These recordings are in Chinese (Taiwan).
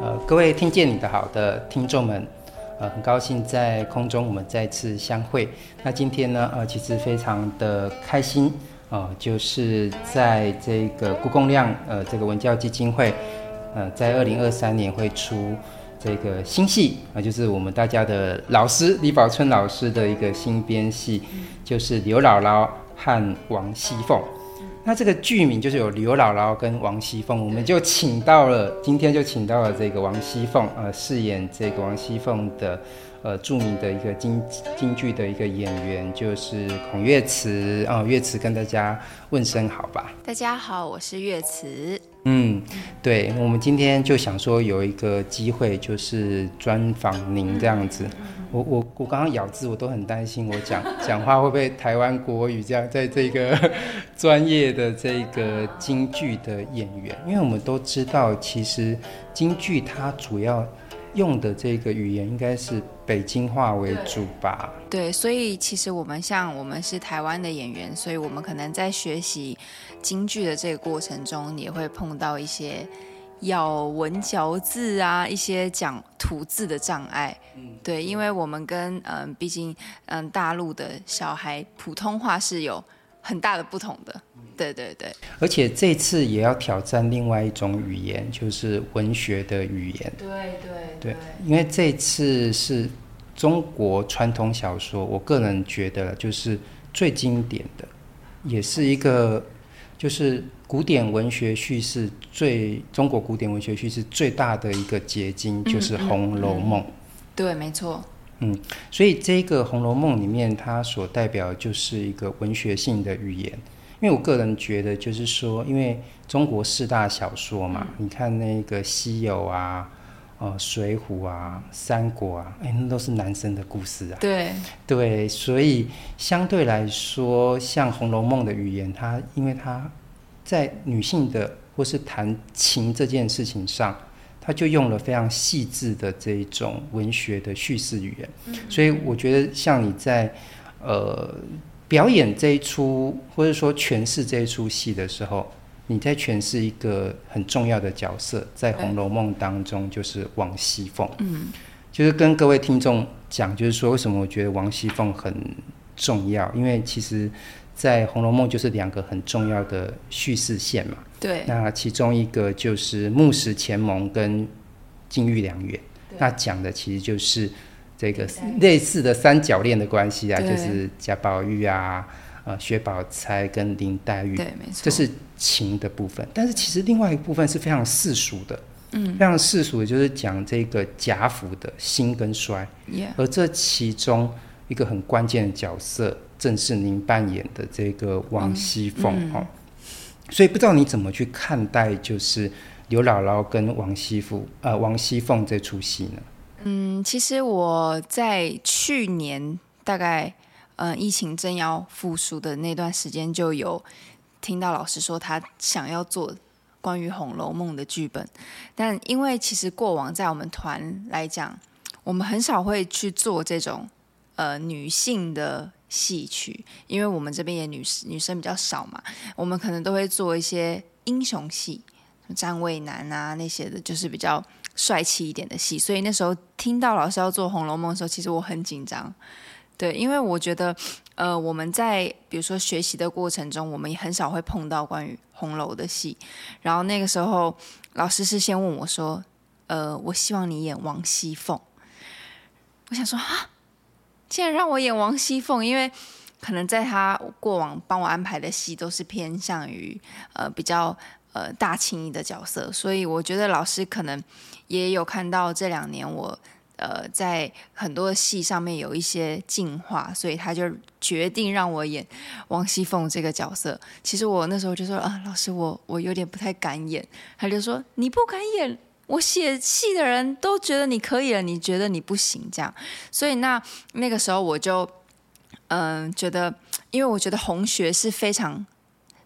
呃，各位聽見你的好的聽眾們，呃，很高興在空中我們再次相會。那今天呢，呃，其實非常的開心，哦、呃，就是在這個辜公亮，呃，這個文教基金會，呃，在二零二三年會出這個新戲，啊、呃，就是我們大家的老師李寶春老師的一個新編戲，就是劉姥姥和王熙鳳。那這個劇名就是有劉姥姥跟王熙鳳，對我們就請到了，今天就請到了這個王熙鳳，呃，飾演這個王熙鳳的，呃，著名的一個京京劇的一個演員就是孔玥慈，啊、呃，玥慈跟大家問聲好吧。大家好，我是玥慈。嗯，對，我們今天就想說有一個機會，就是專訪您這樣子。我我我剛剛咬字，我都很擔心，我講講話會不會台灣國語這樣，在這個專業的這個京劇的演員，因為我們都知道，其實京劇它主要。用的這個語言應該是北京話為主吧？對，對，所以其實我們像我們是台灣的演員，所以我們可能在學習京劇的這個過程中，也會碰到一些咬文嚼字啊，一些講吐字的障礙。對，因為我們跟嗯，畢竟嗯，大陸的小孩普通話是有。很大的不同的，對對對，而且這次也要挑戰另外一種語言，就是文學的語言。對對對，對，因為這次是中國傳統小說，我個人覺得就是最經典的，也是一個就是古典文學敘事最中國古典文學敘事最大的一個結晶， 就是《紅樓夢》嗯嗯。對，沒錯。嗯，所以這個《紅樓夢》裡面，它所代表的就是一個文學性的語言。因為我個人覺得，就是說，因為中國四大小說嘛，嗯、你看那個《西遊》啊，呃，《水滸》啊，《三國》啊，哎、欸，那都是男生的故事啊。對對，所以相對來說，像《紅樓夢》的語言，它因為它在女性的或是談情這件事情上。他就用了非常細緻的這一種文學的敘事語言，所以我覺得像你在，呃，表演這一出或者說詮釋這一出戲的時候，你在詮釋一個很重要的角色，在《紅樓夢》當中就是王熙鳳。嗯，就是跟各位聽眾講，就是說為什麼我覺得王熙鳳很重要？因為其實。在《紅樓夢》就是兩個很重要的敘事線嘛，對。那其中一個就是木石前盟跟金玉良緣，對那講的其實就是這個類似的三角戀的關係啊，對就是賈寶玉啊，呃，薛寶釵跟林黛玉，對，沒錯，這是情的部分。但是其實另外一個部分是非常世俗的，嗯，非常世俗的就是講這個賈府的興跟衰，Yeah 而這其中。一個很關鍵的角色，正是您扮演的這個王熙鳳，嗯嗯哦、所以不知道你怎麼去看待，就是劉姥姥跟王熙鳳呃王熙鳳這出戲呢？嗯，其實我在去年大概嗯，疫情正要復甦的那段時間，就有聽到老師說他想要做關於《紅樓夢》的劇本，但因為其實過往在我們團來講，我們很少會去做這種。呃，女性的戲曲，因為我們這邊也女女生比較少嘛，我們可能都會做一些英雄戲，戰渭南啊，那些的，就是比較帥氣一點的戲。所以那時候聽到老師要做《紅樓夢》的時候，其實我很緊張，對，因為我覺得，呃，我們在比如說學習的過程中，我們也很少會碰到關於紅樓的戲。然後那個時候，老師事先問我說：“呃，我希望你演王熙鳳。”我想說啊。現在讓我演王熙鳳，因為可能在他過往幫我安排的戲都是偏向於呃比較呃大青衣的角色，所以我覺得老師可能也有看到這兩年我呃在很多的戲上面有一些進化，所以他就決定讓我演王熙鳳這個角色。其實我那時候就說啊、呃，老師我，我我有點不太敢演。他就說你不敢演。我寫戲的人都覺得你可以了，你覺得你不行這樣，所以那那個時候我就，嗯、呃，覺得，因為我覺得紅學是非常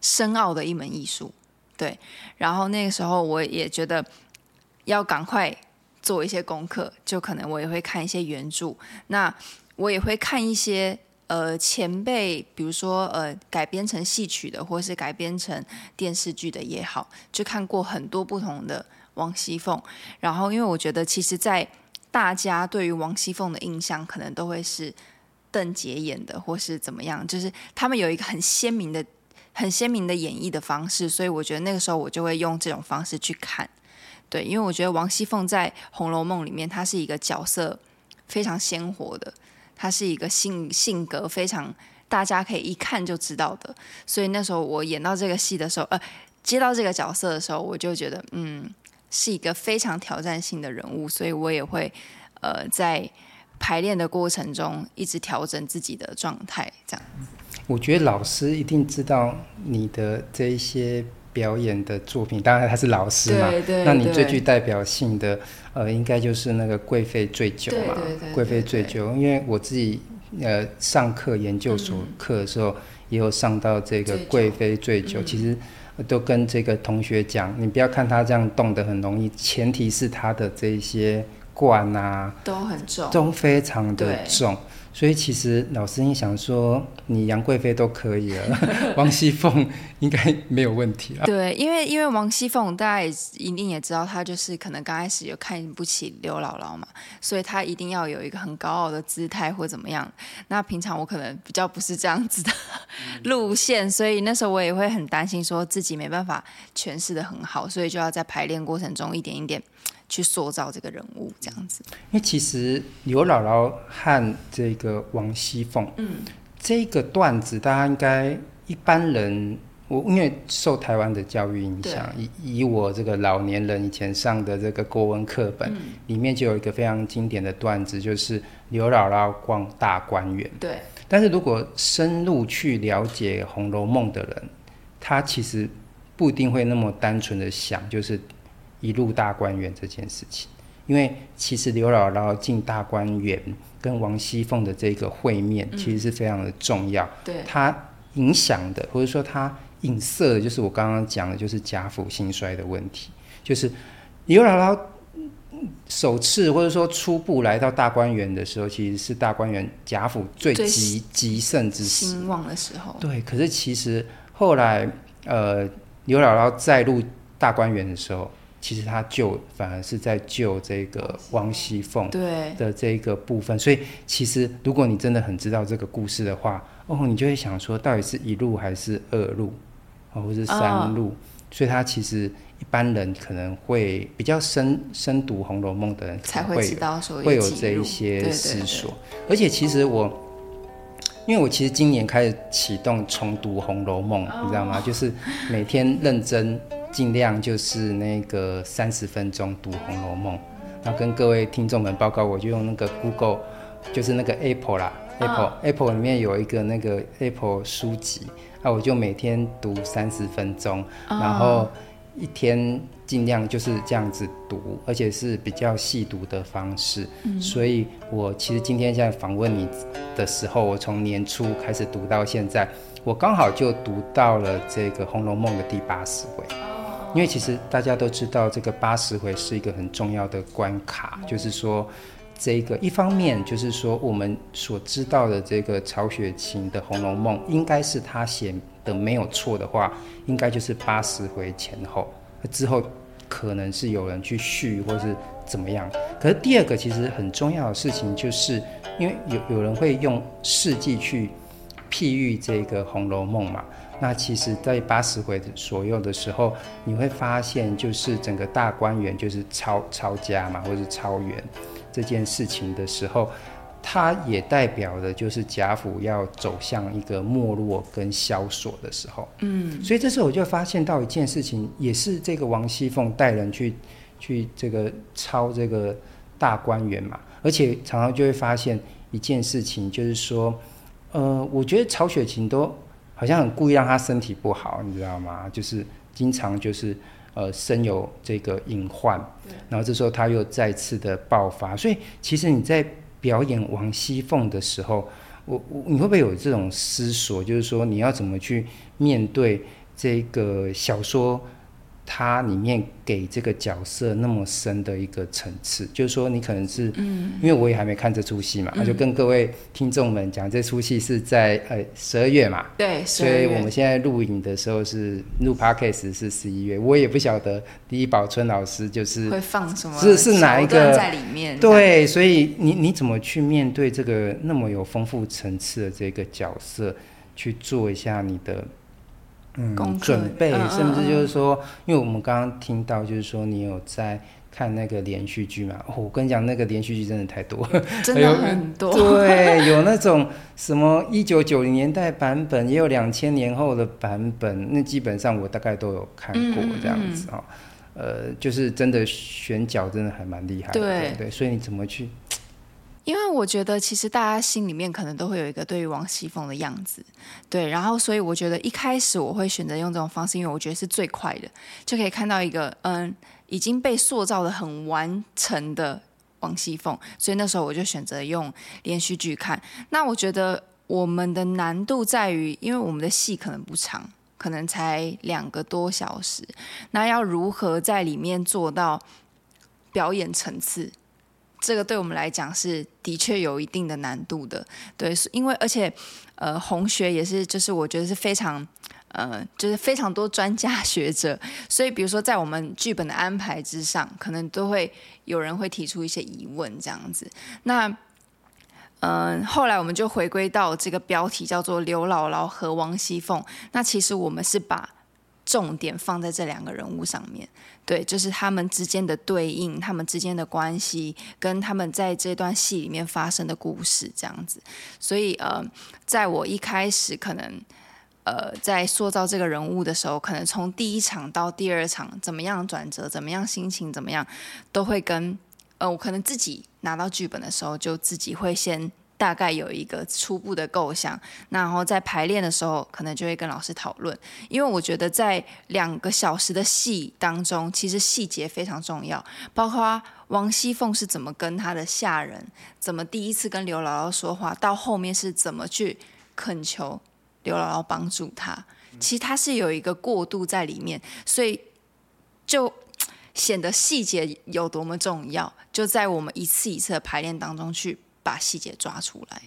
深奧的一門藝術，對，然後那個時候我也覺得要趕快做一些功課，就可能我也會看一些原著，那我也會看一些呃前輩，比如說呃改編成戲曲的，或是改編成電視劇的也好，就看過很多不同的。王熙鳳，然後因為我覺得，其實，在大家對於王熙鳳的印象，可能都會是鄧婕演的，或是怎麼樣，就是他們有一個很鮮明的、很鮮明的演繹的方式。所以我覺得那個時候，我就會用這種方式去看。對，因為我覺得王熙鳳在《紅樓夢》裡面，她是一個角色非常鮮活的，她是一個性性格非常大家可以一看就知道的。所以那時候我演到這個戲的時候，呃，接到這個角色的時候，我就覺得，嗯。是一個非常挑戰性的人物，所以我也會呃，在排練的過程中一直調整自己的狀態。這樣子，我覺得老師一定知道你的這一些表演的作品，當然他是老師嘛。對對對。那你最具代表性的呃，應該就是那個《貴妃醉酒》嘛，對對對對對。《貴妃醉酒》。因為我自己呃，上課研究所課的時候，嗯嗯。也有上到這個《貴妃醉酒》醉酒，嗯、其實。我都跟這個同學講，你不要看他這樣動得很容易，前提是他的這些罐啊都很重，都非常的重。所以其實老師你想說你楊貴妃都可以了，王熙鳳應該沒有問題啊。 對，因為因為王熙鳳大家也一定也知道，她就是可能剛開始有看不起劉姥姥嘛，所以她一定要有一個很高傲的姿態或怎麼樣。那平常我可能比較不是這樣子的路線，所以那時候我也會很擔心說自己沒辦法詮釋得很好，所以就要在排練過程中一點一點。去塑造這個人物，這樣子。因為其實劉姥姥和這個王熙鳳，嗯，這個段子，大家應該一般人，我因為受台灣的教育影響，對以以我這個老年人以前上的這個國文課本，嗯，裡面，就有一個非常經典的段子，就是劉姥姥逛大觀園。對。但是如果深入去了解《紅樓夢》的人，他其實不一定會那麼單純的想，就是。一入大觀園這件事情，因為其實劉姥姥進大觀園跟王熙鳳的這個會面，其實是非常的重要。嗯、對，它影響的或者說它影射的，就是我剛剛講的，就是賈府興衰的問題。就是劉姥姥首次或者說初步來到大觀園的時候，其實是大觀園賈府最極極對盛之時、興旺的時候。對，可是其實後來，呃，劉姥姥再入大觀園的時候。其實他救反而是在救這個王熙鳳的這個部分，對所以其實如果你真的很知道這個故事的話，哦，你就會想說，到底是一路還是二路，哦，或是三路？哦，所以他其實一般人可能會比較深深讀《紅樓夢》的人會有才會知道，會有這一些思索。對對對，而且其實我。因為我其實今年開始啟動重讀《紅樓夢》，你知道嗎？就是每天認真，盡量就是那個三十分鐘讀《紅樓夢》，然後跟各位聽眾們報告，我就用那個 Google，就是那個 Apple 啦 Apple 啦、oh.，Apple，Apple 裡面有一個那個 Apple 書籍，啊，我就每天讀三十分鐘，然後。一天儘量就是這樣子讀，而且是比較細讀的方式。嗯、所以我其實今天現在訪問你的時候，我從年初開始讀到現在，我剛好就讀到了這個《紅樓夢》的第八十回。因為其實大家都知道，這個八十回是一個很重要的關卡，嗯、就是說這個一方面就是說我們所知道的這個曹雪芹的《紅樓夢》，應該是他寫的沒有錯的話，應該就是八十回前後。之後可能是有人去續，或是怎麼樣。可是第二個其實很重要的事情，就是因為有有人會用事蹟去譬喻這個《紅樓夢》嘛。那其實在八十回左右的時候，你會發現，就是整個大觀園就是抄抄家嘛，或者是抄園這件事情的時候。它也代表的就是賈府要走向一個沒落跟蕭索的時候，嗯，所以這時候我就發現到一件事情，也是這個王熙鳳帶人去，去這個抄這個大觀園嘛，而且常常就會發現一件事情，就是說，呃，我覺得曹雪芹都好像很故意讓他身體不好，你知道嗎？就是經常就是呃身有這個隱患，對然後這時候他又再次的爆發，所以其實你在。表演王熙鳳的時候，我我你會不會有這種思索？就是說，你要怎麼去面對這個小說？他裡面給這個角色那麼深的一個層次，就是說你可能是，嗯、因為我也還沒看這出戲嘛，我、嗯、就跟各位聽眾們講，這出戲是在呃十二月嘛，對，所以我們現在錄影的時候是錄 podcast 是十一月，對我也不曉得李寶春老師就是會放什麼，是是哪一個在裡面，對，所以你你怎麼去面對這個那麼有豐富層次的這個角色，去做一下你的。嗯、司準備，甚至就是說，嗯嗯嗯因為我們剛剛聽到，就是說你有在看那個連續劇嘛、哦？我跟你講，那個連續劇真的太多，嗯、真的很多、哎，對，有那種什麼一九九零年代版本，也有兩千年後的版本，那基本上我大概都有看過這樣子啊。嗯嗯嗯呃，就是真的選角真的還蠻厲害的，對對，不對，所以你怎麼去？因為我覺得，其實大家心裡面可能都會有一個對於王熙鳳的樣子，對，然後所以我覺得一開始我會選擇用這種方式，因為我覺得是最快的，就可以看到一個嗯已經被塑造的很完成的王熙鳳，所以那時候我就選擇用連續劇看。那我覺得我們的難度在於，因為我們的戲可能不長，可能才兩個多小時，那要如何在裡面做到表演層次？這個對我們來講是的確有一定的難度的，對，因為而且，呃，紅學也是，就是我覺得是非常，呃，就是非常多專家學者，所以比如說在我們劇本的安排之上，可能都會有人會提出一些疑問這樣子。那，嗯、呃，後來我們就回歸到這個標題叫做《劉姥姥和王熙鳳》，那其實我們是把重點放在這兩個人物上面。對，就是他們之間的對應，他們之間的關係，跟他們在這段戲裡面發生的故事這樣子。所以，呃，在我一開始可能，呃，在塑造這個人物的時候，可能從第一場到第二場，怎麼樣轉折，怎麼樣心情，怎麼樣，都會跟，呃，我可能自己拿到劇本的時候，就自己會先。大概有一個初步的構想，然後在排練的時候，可能就會跟老師討論。因為我覺得在兩個小時的戲當中，其實細節非常重要，包括王熙鳳是怎麼跟她的下人，怎麼第一次跟劉姥姥說話，到後面是怎麼去懇求劉姥姥幫助她。其實它是有一個過渡在裡面，所以就顯得細節有多麼重要，就在我們一次一次的排練當中去。把細節抓出來。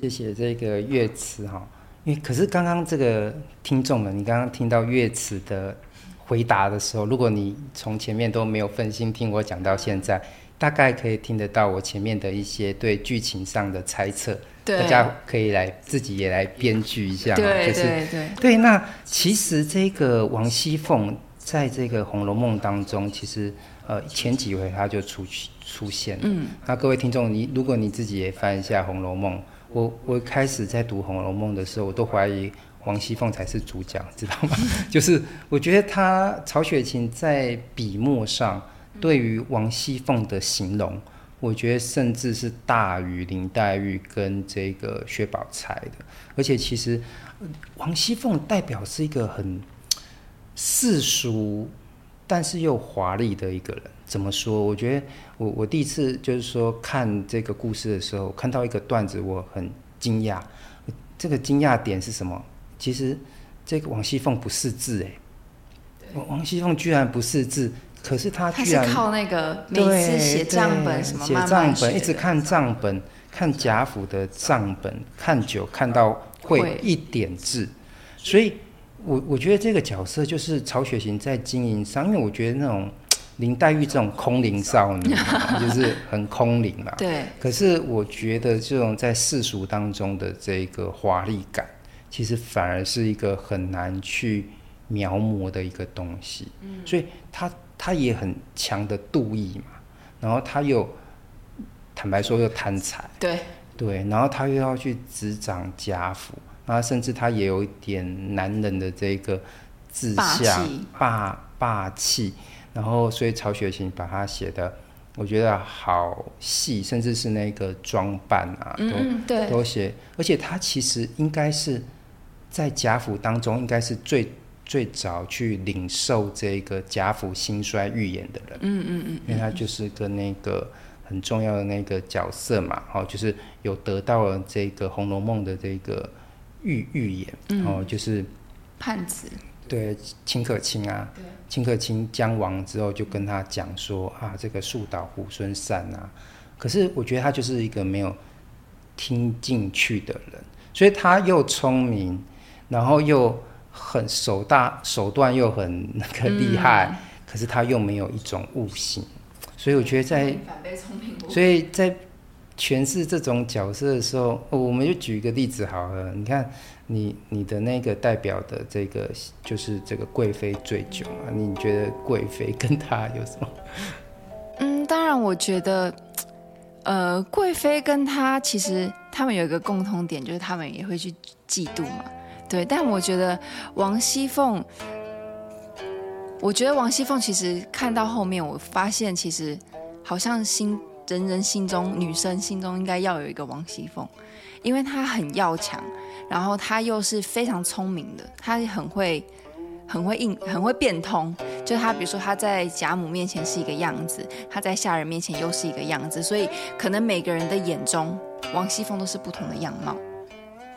謝謝這個玥慈哈，嗯，因為可是剛剛這個聽眾們，你剛剛聽到玥慈的回答的時候，如果你從前面都沒有分心聽我講到現在，嗯，大概可以聽得到我前面的一些對劇情上的猜測。對，大家可以來自己也來編劇一下嘛，哦，對，就是，對、對。那其實這個王熙鳳在這個《紅樓夢》當中，其實呃前幾回她就出去。出現，嗯，那、啊、各位聽眾，你如果你自己也翻一下《紅樓夢》，我我開始在讀《紅樓夢》的時候，我都懷疑王熙鳳才是主角，知道嗎？ 就是我覺得他曹雪芹在筆墨上對於王熙鳳的形容，嗯、我覺得甚至是大於林黛玉跟這個薛寶釵的。而且其實王熙鳳代表是一個很世俗，但是又華麗的一個人。怎麼說？我覺得我我第一次就是說看這個故事的時候，看到一個段子，我很驚訝。這個驚訝點是什麼？其實這個王熙鳳不識字哎，對王熙鳳居然不識字，可是她她是靠那個慢慢對寫賬本，寫賬本，一直看賬本，看賈府的賬本，看久看到會一點字。對所以我我覺得這個角色就是曹雪芹在經營上，因為我覺得那種。林黛玉這種空靈少女， 就是很空靈啊。對。可是我覺得這種在世俗當中的這個華麗感，其實反而是一個很難去描摹的一個東西。嗯。所以她她也很強的妒意嘛，然後她又坦白說又貪財。對。對，然後她又要去執掌賈府，那甚至她也有一點男人的這個志向霸氣霸氣。霸然後，所以曹雪芹把他寫的，我覺得好細，甚至是那個裝扮啊，都、嗯嗯、都寫。而且他其實應該是在賈府當中，應該是最最早去領受這個賈府興衰預言的人。嗯嗯，嗯嗯嗯，因為他就是跟那個很重要的那個角色嘛，哦，就是有得到了這個《紅樓夢》的這個預預言，嗯、哦，就是判詞。對秦可卿啊，秦對可卿將亡之後，就跟他講說啊，這個樹倒猢猻散啊。可是我覺得他就是一個沒有聽進去的人，所以他又聰明，然後又很手大手段又很那個厲害，嗯、可是他又沒有一種悟性，所以我覺得在反被聰明多，所以在。詮釋這種角色的時候，我們就舉一個例子好了。你看你，你你的那個代表的這個就是這個貴妃醉酒啊，你覺得貴妃跟他有什麼？嗯，當然，我覺得，呃，貴妃跟他其實他們有一個共通點，就是他們也會去嫉妒嘛。對，但我覺得王熙鳳，我覺得王熙鳳其實看到後面，我發現其實好像心。人人心中，女生心中應該要有一個王熙鳳，因為她很要強，然後她又是非常聰明的，她也很會、很會應、很會變通。就她，比如說她在賈母面前是一個樣子，她在下人面前又是一個樣子，所以可能每個人的眼中，王熙鳳都是不同的樣貌。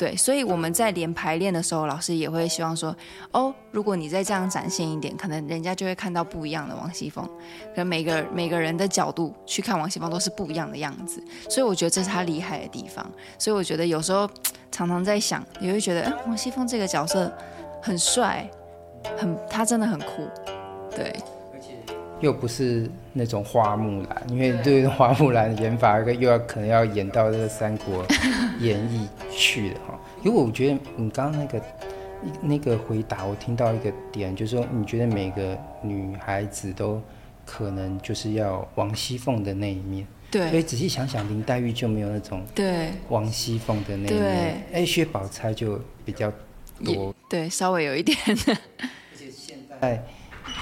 對，所以我們在連排練的時候，老師也會希望說，哦，如果你再這樣展現一點，可能人家就會看到不一樣的王熙鳳。可能每個每個人的角度去看王熙鳳都是不一樣的樣子，所以我覺得這是他厲害的地方。所以我覺得有時候常常在想，你會覺得誒，王熙鳳這個角色很帥，很，他真的很酷，對。又不是那種花木蘭，因為對於花木蘭的演法一個又要可能要演到這個三國演義去了哈。 因為我覺得你剛剛那個那個回答，我聽到一個點，就是說你覺得每個女孩子都可能就是要王熙鳳的那一面，對。所以仔細想想，林黛玉就沒有那種對王熙鳳的那一面，哎對，薛寶釵就比較多，對，稍微有一點。 而且現在。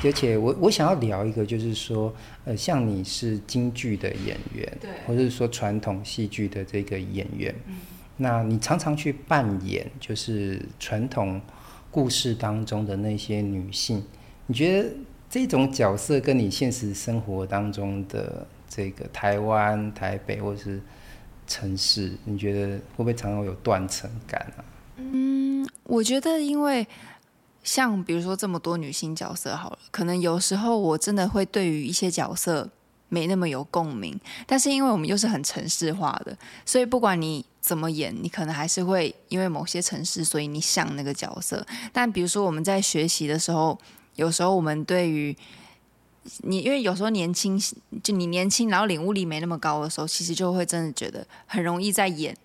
而且我我想要聊一個，就是說，呃，像你是京劇的演員，對，或者說傳統戲劇的這個演員，嗯，那你常常去扮演就是傳統故事當中的那些女性，你覺得這種角色跟你現實生活當中的這個台灣、台北或者是城市，你覺得會不會常常有斷層感啊？嗯，我覺得因為。像比如說這麼多女性角色好了，可能有時候我真的會對於一些角色沒那麼有共鳴，但是因為我們又是很程式化的，所以不管你怎麼演，你可能還是會因為某些程式，所以你像那個角色。但比如說我們在學習的時候，有時候我們對於你，因為有時候年輕，就你年輕，然後領悟力沒那麼高的時候，其實就會真的覺得很容易在演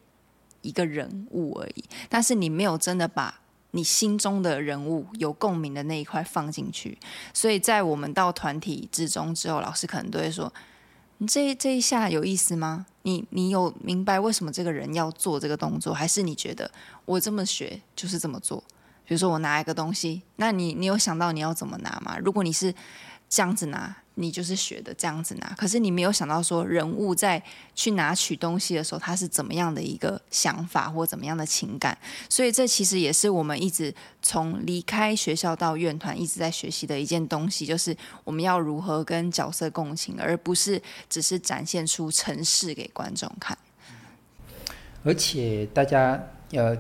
一個人物而已，但是你沒有真的把。你心中的人物有共鳴的那一塊放進去，所以在我們到團體之中之後，老師可能都會說：“你這這一下有意思嗎？你你有明白為什麼這個人要做這個動作，還是你覺得我這麼學就是這麼做？比如說我拿一個東西，那你你有想到你要怎麼拿嗎？如果你是這樣子拿。”你就是學的這樣子拿，可是你沒有想到說人物在去拿取東西的時候，他是怎麼樣的一個想法或怎麼樣的情感，所以這其實也是我們一直從離開學校到院團一直在學習的一件東西，就是我們要如何跟角色共情，而不是只是展現出程式給觀眾看。而且大家要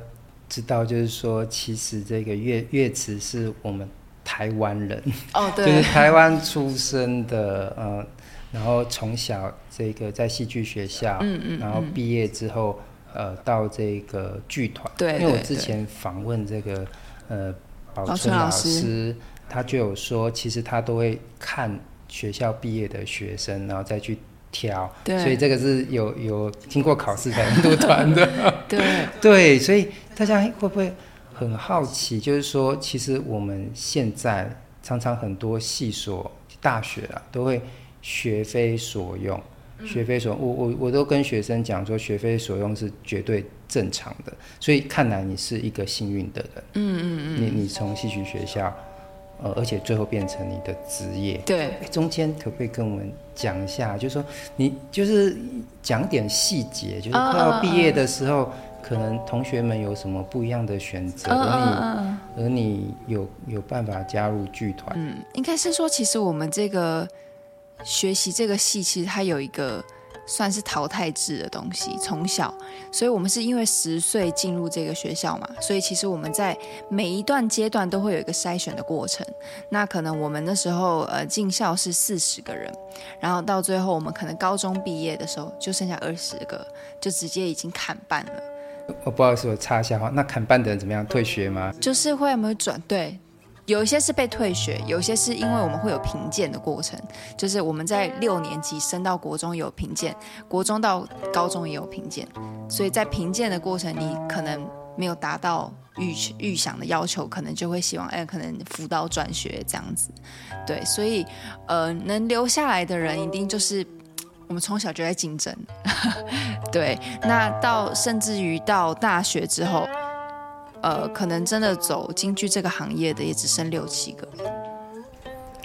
知道，就是說，其實這個樂樂池是我們。台灣人哦，對，就是台灣出生的，呃，然後從小這個在戲劇學校，嗯嗯，嗯然後畢業之後，呃，到這個劇團，對，對，對，因為我之前訪問這個，呃，保存老師，老師，他就有說，其實他都會看學校畢業的學生，然後再去挑，對，所以這個是有有經過考試才入團的， 對對，所以大家會不會？很好奇，就是說，其實我們現在常常很多戲所大學啊，都會學非所用，學非所用、嗯、我我我都跟學生講說，學非所用是絕對正常的。所以看來你是一個幸運的人，嗯嗯嗯，你你從戲曲學校，呃，而且最後變成你的職業，對，中間可不可以跟我們講一下，就是說你就是講點細節，就是快要畢業的時候。Oh, oh, oh, oh. 可能同學們有什麼不一樣的選擇，而你，而你有有辦法加入劇團？嗯，應該是說，其實我們這個學習這個戲，其實它有一個算是淘汰制的東西。從小，所以我們是因為十歲進入這個學校嘛，所以其實我們在每一段階段都會有一個篩選的過程。那可能我們那時候呃進校是四十個人，然後到最後我們可能高中畢業的時候就剩下二十個，就直接已經砍半了。我、哦、不好意思，我插一下話，那科班的人怎麼樣？退學嗎？就是會有沒有轉，對，有一些是被退學，有一些是因為我們會有評鑑的過程，就是我們在六年級升到國中有評鑑，國中到高中也有評鑑，所以在評鑑的過程，你可能沒有達到預預想的要求，可能就會希望哎，可能輔導轉學這樣子，對，所以呃，能留下來的人一定就是。我們從小就在競爭呵呵，對。那到甚至於到大學之後，呃，可能真的走京劇這個行業的也只剩六七個。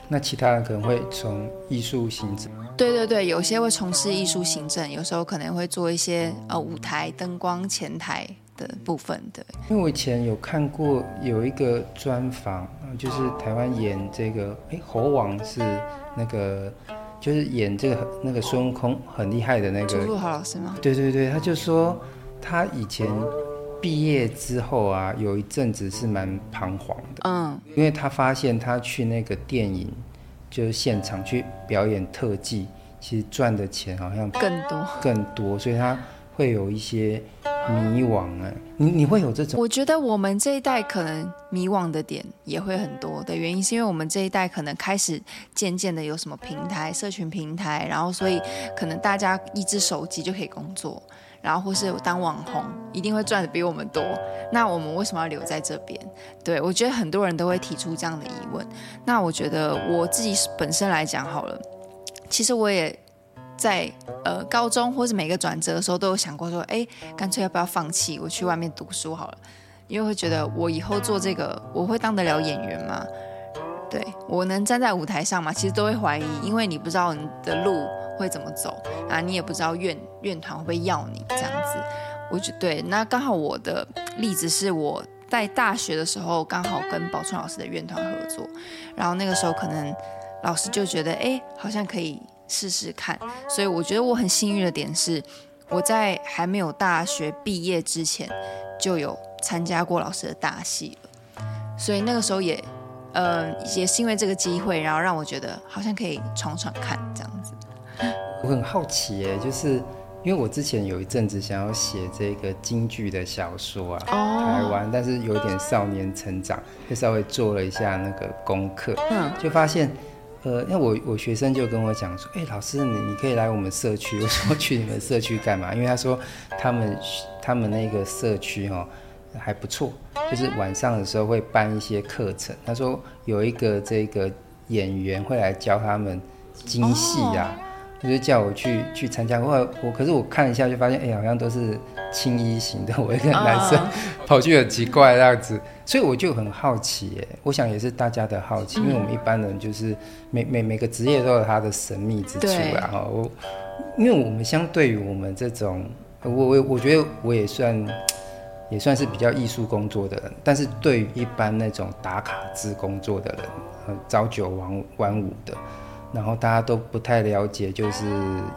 那其他人可能會從藝術行政？對對對，有些會從事藝術行政，有時候可能會做一些呃舞台燈光、前台的部分，對，因為我以前有看過有一個專訪，就是台灣演這個誒猴王是那個。就是演這個那個孫悟空很厲害的那個朱陸豪老師嗎？對對對，他就說他以前畢業之後啊，有一陣子是蠻彷徨的，嗯，因為他發現他去那個電影就是現場去表演特技，其實賺的錢好像更多更多，所以他會有一些。迷惘。哎、啊，你你會有這種？我覺得我們這一代可能迷惘的點也會很多的原因是因為我們這一代可能開始漸漸的有什麼平台，社群平台，然後所以可能大家一支手機就可以工作，然後或是當網紅，一定會賺得比我們多。那我們為什麼要留在這邊？對，我覺得很多人都會提出這樣的疑問。那我覺得我自己本身來講好了，其實我也。在呃高中或是每個轉折的時候，都有想過說，哎、欸，乾脆要不要放棄？我去外面讀書好了，因為會覺得我以後做這個，我會當得了演員嗎？對我能站在舞台上嗎？其實都會懷疑，因為你不知道你的路會怎麼走啊，然後你也不知道院院團會不會要你這樣子。我覺得對，那剛好我的例子是我在大學的時候，剛好跟寶春老師的院團合作，然後那個時候可能老師就覺得，哎、欸，好像可以。試試看，所以我覺得我很幸運的點是，我在還沒有大學畢業之前，就有參加過老師的大戲了，所以那個時候也，呃，也是因為這個機會，然後讓我覺得好像可以闖闖看這樣子。我很好奇耶、欸，就是因為我之前有一陣子想要寫這個京劇的小說啊，哦、台灣，但是有點少年成長，就稍微做了一下那個功課，嗯，就發現。呃，那我我學生就跟我講說，哎，老師你你可以來我們社區，我說去你們社區幹嘛？因為他說他們他們那個社區哦還不錯，就是晚上的時候會辦一些課程。他說有一個這個演員會來教他們京戲呀，他就叫我去去參加。後來我，我可是我看一下就發現，哎，好像都是青衣型的，我一個男生跑去很奇怪那樣子。所以我就很好奇，欸，我想也是大家的好奇，因為我們一般人就是每每每個職業都有它的神秘之處啊。然後，對我，因為我們相對於我們這種，我我我覺得我也算也算是比較藝術工作的人，但是對於一般那種打卡制工作的人，朝九晚晚五的，然後大家都不太了解，就是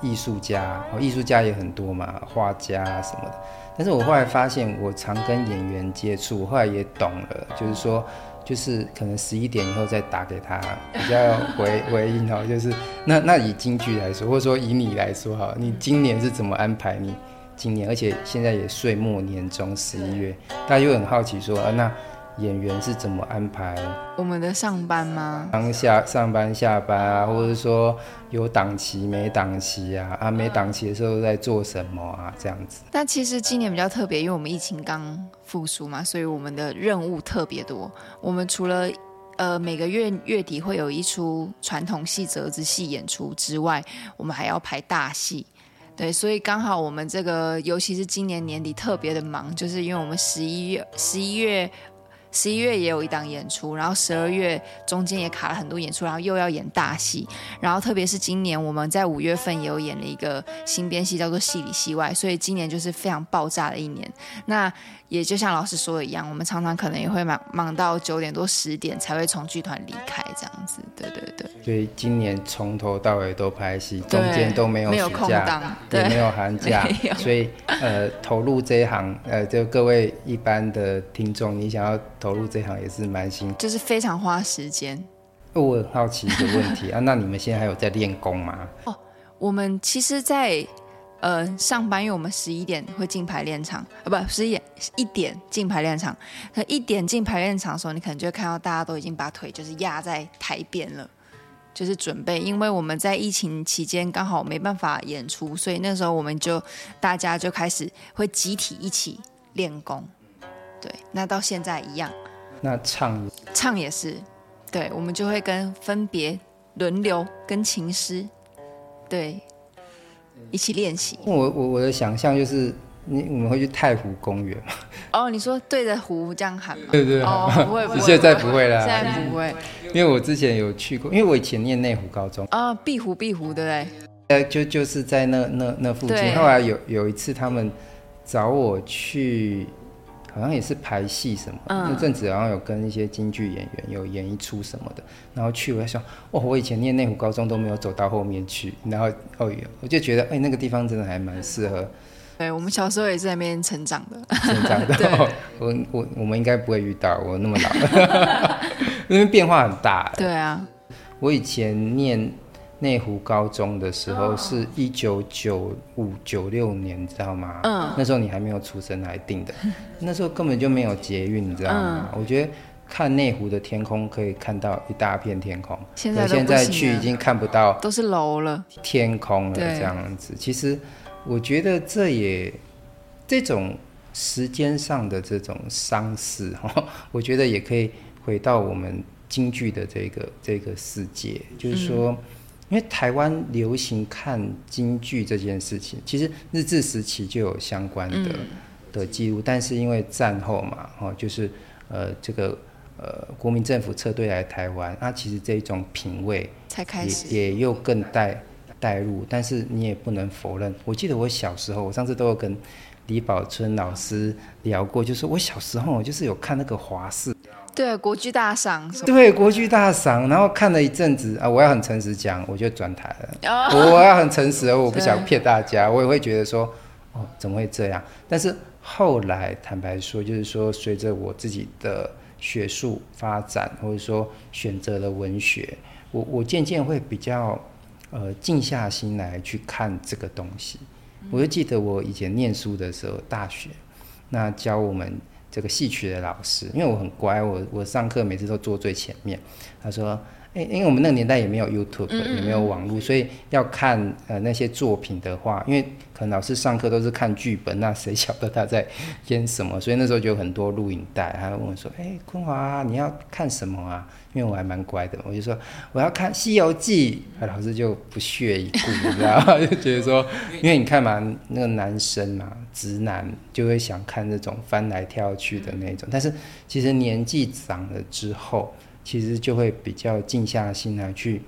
藝術家，藝術家也很多嘛，畫家、啊、什麼的。但是我後來發現，我常跟演員接觸，我後來也懂了，就是說，就是可能十一點以後再打給他，比較回回應哈。 you know, 就是那那以京劇來說，或者說以你來說哈，你今年是怎麼安排？你今年，而且現在也歲末年終，十一月，大家又很好奇說，啊，那。演員是怎麼安排我們的上班嗎？當下上班下班啊，或者說有檔期沒檔期啊？啊，啊，沒檔期的時候在做什麼啊？這樣子。但其實今年比較特別，因為我們疫情剛復甦嘛，所以我們的任務特別多。我們除了呃每個月月底會有一出傳統戲折子戲演出之外，我們還要排大戲。對，所以剛好我們這個，尤其是今年年底特別的忙，就是因為我們十一月、十一月。十一月也有一檔演出，然後十二月中間也卡了很多演出，然後又要演大戲，然後特別是今年我們在五月份也有演了一個新編戲，叫做《戲裡戲外》，所以今年就是非常爆炸的一年。那也就像老師說的一樣，我們常常可能也會忙忙到九點多十點才會從劇團離開，這樣子。對對對。所以今年從頭到尾都拍戲，中間都沒有沒有空檔，對，也沒有寒假，所以呃，投入這一行，呃，就各位一般的聽眾，你想要。投入這行也是蠻辛苦，就是非常花時間。哦，我很好奇一個問題 啊，那你們現在還有在練功嗎？哦，我們其實在，在呃上班，因為我們十一點會進排練場啊，不，十一點一點進排練場。可一點進排練場的時候，你可能就會看到大家都已經把腿就是壓在台邊了，就是準備。因為我們在疫情期間剛好沒辦法演出，所以那時候我們就大家就開始會集體一起練功。對，那到現在一樣、啊。那唱也唱也是，對，我們就會跟分別輪流跟琴師，對，一起練習。我我我的想象就是，你我們會去太湖公園嗎？哦，你說對着湖這樣喊嗎？對對對，哦、嗎不會，你現在不會了啦，現在不會，因為我之前有去過，因為我以前念內湖高中啊，碧湖碧湖，碧湖碧湖對不對？就就是在那那那附近。啊、後來有有一次，他們找我去。好像也是排戲什麼，嗯、那陣子好像有跟一些京劇演員有演一出什麼的，然後去，我就想，哦，我以前念內湖高中都沒有走到後面去，然後哦，我就覺得，哎、欸，那個地方真的還蠻適合。對，我們小時候也是在那邊成長的，成長的。對哦、我我我們應該不會遇到我那麼老，因為 變化很大。對啊，我以前念。內湖高中的時候是一九九五九六年，知道嗎？嗯，uh. 那時候你還沒有出生來定的。 那時候根本就沒有捷運，你知道嗎？Uh. 我覺得看內湖的天空可以看到一大片天空。現在現在去已經看不到，都是樓了，天空了這樣子。其實我覺得這也這種時間上的這種傷逝，哈，我覺得也可以回到我們京劇的這個這個世界，就是說。嗯因為台灣流行看京劇這件事情，其實日治時期就有相關的、嗯、的記錄，但是因為戰後嘛，哦，就是呃這個呃國民政府撤退來台灣，那、啊、其實這一種品味也才開始也，也又更帶帶入，但是你也不能否認，我記得我小時候，我上次都有跟李寶春老師聊過，就是我小時候我就是有看那個華視，對國劇大賞，對國劇大賞，然後看了一陣子啊，我要很誠實講，我就轉台了。Oh, 我要很誠實，我不想騙大家，對我也會覺得說，哦，怎麼會這樣？但是後來坦白說，就是說隨着我自己的學術發展，或者說選擇了文學，我我漸漸會比較呃靜下心來去看這個東西。我就記得我以前念書的時候，大學那教我們。這個戲曲的老師，因為我很乖，我我上課每次都坐最前面。他說，哎、欸，因為我們那個年代也沒有 YouTube，也沒有網絡，所以要看呃那些作品的話，因為。老師上課都是看劇本，那誰曉得他在演什麼？所以那時候就有很多錄影帶。他就問我說：“誒、欸，昆樺，你要看什麼啊？”因為我還蠻乖的，我就說我要看《西遊記》嗯。老師就不屑一顧， 你知道嗎？就覺得說，因為你看嘛，那個男生嘛，直男就會想看那種翻來跳去的那種。嗯、但是其實年紀長了之後，其實就會比較靜下心來去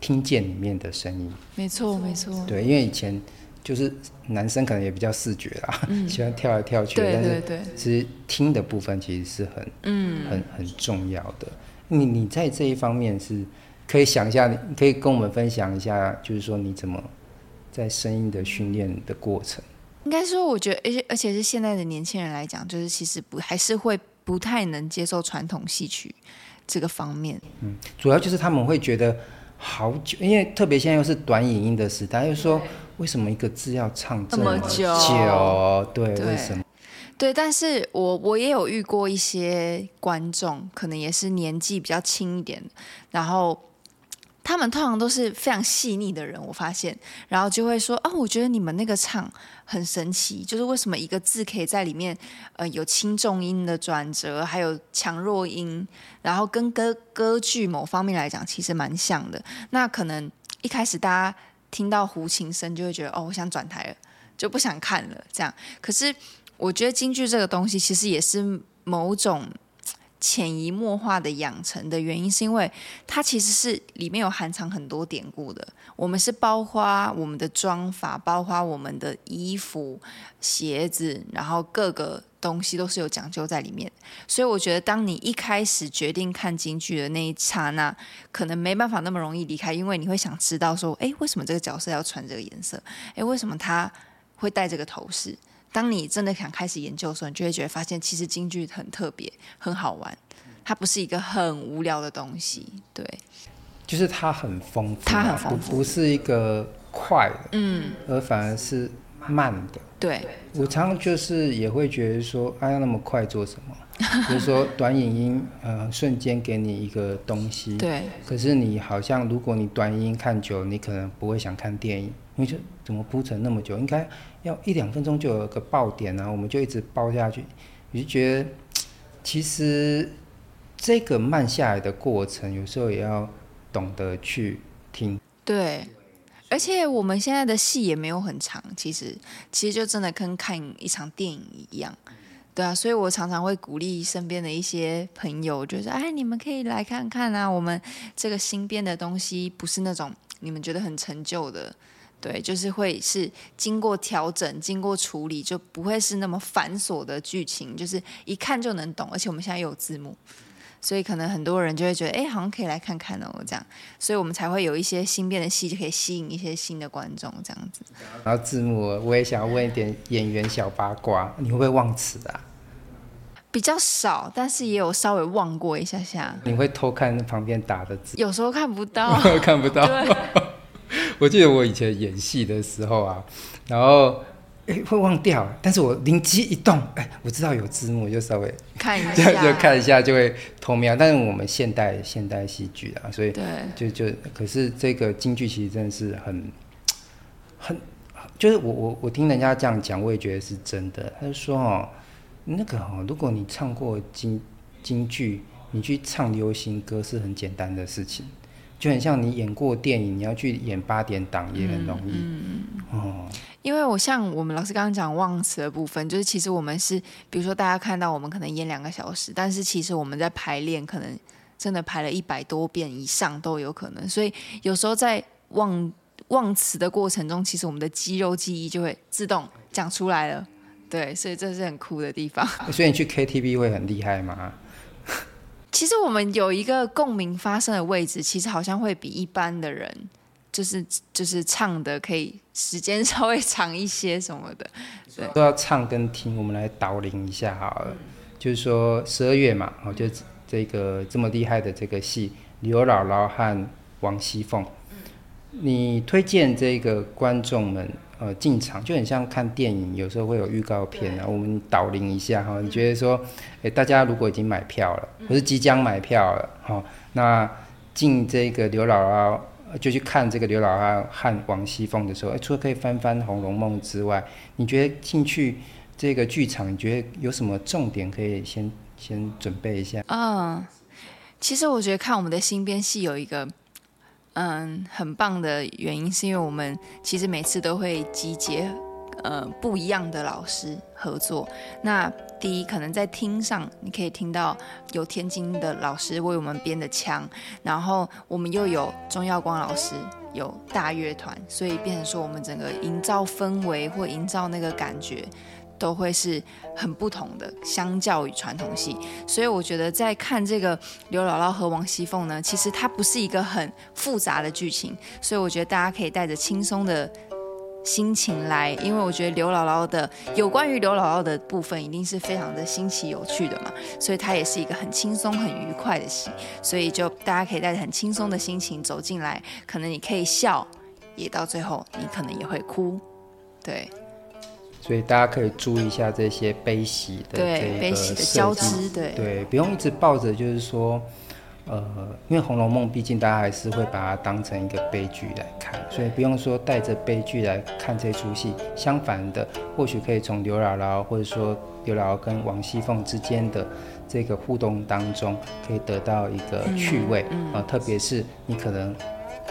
聽見裡面的聲音。沒錯錯，沒錯。對，錯因為以前。就是男生可能也比較視覺啊，嗯、喜歡跳來跳去，對對對，但是其實聽的部分其實是很、嗯、很、很重要的。你你在這一方面是可以想一下，你可以跟我們分享一下，就是說你怎麼在聲音的訓練的過程？應該說，我覺得，而且而且是現在的年輕人來講，就是其實不還是會不太能接受傳統戲曲這個方面。嗯，主要就是他們會覺得。好久，因為特別現在又是短影音的時代，對又說為什麼一個字要唱這麼久？這麼久對，對為什麼？對，但是我我也有遇過一些觀眾，可能也是年紀比較輕一點，然後。他們通常都是非常細膩的人，我發現，然後就會說，哦，我覺得你們那個唱很神奇，就是為什麼一個字可以在裡面，呃，有輕重音的轉折，還有強弱音，然後跟歌歌劇某方面來講，其實蠻像的。那可能一開始大家聽到胡琴聲就會覺得，哦，我想轉檯了，就不想看了，這樣。可是我覺得京劇這個東西，其實也是某種。潛移默化的養成的原因，是因為它其實是裡面有含藏很多典故的。我們是包括我們的妝髮，包括我們的衣服、鞋子，然後各個東西都是有講究在裡面。所以我覺得，當你一開始決定看京劇的那一剎那，可能沒辦法那麼容易離開，因為你會想知道說：哎，為什麼這個角色要穿這個顏色？哎，為什麼他會戴這個頭飾？當你真的想開始研究的時候，你就會覺得發現，其實京劇很特別，很好玩，它不是一個很無聊的東西，對，就是它很豐富，它很豐富，不是一個快的，嗯，而反而是慢的，對。我常常就是也會覺得說，哎呀，那麼快做什麼？比如 說短影音，呃，瞬間給你一個東西，對。可是你好像，如果你短影音看久，你可能不會想看電影。你說怎麼鋪成那麼久？應該要一兩分鐘就有個爆點啊！我們就一直爆下去，你就覺得其實這個慢下來的過程，有時候也要懂得去聽。對，而且我們現在的戲也沒有很長，其實其實就真的跟看一場電影一樣。對啊，所以我常常會鼓勵身邊的一些朋友，就是哎，你們可以來看看啊，我們這個新編的東西不是那種你們覺得很陳舊的。對，就是會是經過調整、經過處理，就不會是那麼繁瑣的劇情，就是一看就能懂，而且我們現在有字幕，所以可能很多人就會覺得，哎、欸，好像可以來看看哦，這樣，所以我們才會有一些新變的戲，就可以吸引一些新的觀眾，這樣子。然後字幕，我也想要問一點演員小八卦，你會不會忘詞啊？比較少，但是也有稍微忘過一下下。你會偷看旁邊打的字？有時候看不到， 看不到對。 我記得我以前演戲的時候啊，然後、欸、會忘掉，但是我靈機一動，哎、欸、我知道有字幕，我就稍微看一下， 就看一下就會偷瞄。但是我們現代現代戲劇啊，所以對，就就可是這個京劇其實真的是很很就是我我我聽人家這樣講，我也覺得是真的。他就說哦，那個哦，如果你唱過京京劇，你去唱流行歌是很簡單的事情。就很像你演過電影，你要去演八點檔也很容易。嗯嗯、哦。因為我像我們老師剛剛講忘詞的部分，就是其實我們是，比如說大家看到我們可能演兩個小時，但是其實我們在排練可能真的排了一百多遍以上都有可能。所以有時候在忘忘詞的過程中，其實我們的肌肉記憶就會自動講出來了。對，所以這是很酷的地方。 所以你去 KTV 會很厲害嗎？其實我們有一個共鳴發生的位置，其實好像會比一般的人，就是就是唱的可以時間稍微長一些什麼的。對，都要唱跟聽，我們來導聆一下好了。嗯、就是說十二月嘛，就這個這麼厲害的這個戲，劉姥姥和王熙鳳。你推薦這個觀眾們呃進場，就很像看電影，有時候會有預告片啊。對然後我們導聆一下哈、嗯哦，你覺得說，哎，大家如果已經買票了，嗯、或是即將買票了哈、哦，那進這個劉姥姥就去看這個劉姥姥和王熙鳳的時候，哎，除了可以翻翻《紅樓夢》之外，你覺得進去這個劇場，你覺得有什麼重點可以先先準備一下？嗯，其實我覺得看我們的新編戲有一個。嗯，很棒的原因是因為我們其實每次都會集結呃、嗯、不一樣的老師合作。那第一，可能在聽上你可以聽到有天津的老師為我們編的腔，然後我們又有鍾耀光老師，有大樂團，所以變成說我們整個營造氛圍或營造那個感覺。都會是很不同的，相較於傳統戲，所以我覺得在看這個劉姥姥和王熙鳳呢，其實它不是一個很複雜的劇情，所以我覺得大家可以帶着輕鬆的心情來，因為我覺得劉姥姥的有關於劉姥姥的部分一定是非常的新奇有趣的嘛，所以它也是一個很輕鬆很愉快的戲，所以就大家可以帶着很輕鬆的心情走進來，可能你可以笑，也到最後你可能也會哭，對。所以大家可以注意一下這些悲喜的這個設計，對對，不用一直抱着就是說，呃，因為《紅樓夢》畢竟大家還是會把它當成一個悲劇來看，所以不用說帶着悲劇來看這出戲。相反的，或許可以從劉姥姥或者說劉姥姥跟王熙鳳之間的這個互動當中，可以得到一個趣味啊、嗯嗯呃，特別是你可能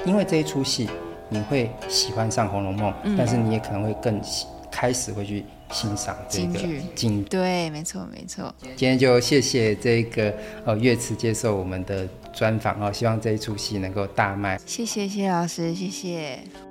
因為這一出戲，你會喜歡上《紅樓夢》，嗯、但是你也可能會更喜。開始會去欣賞這個京劇，京劇對，沒錯沒錯。今天就謝謝這個呃玥慈接受我們的專訪哦，希望這一出戲能夠大賣。謝謝，謝謝謝老師，謝謝。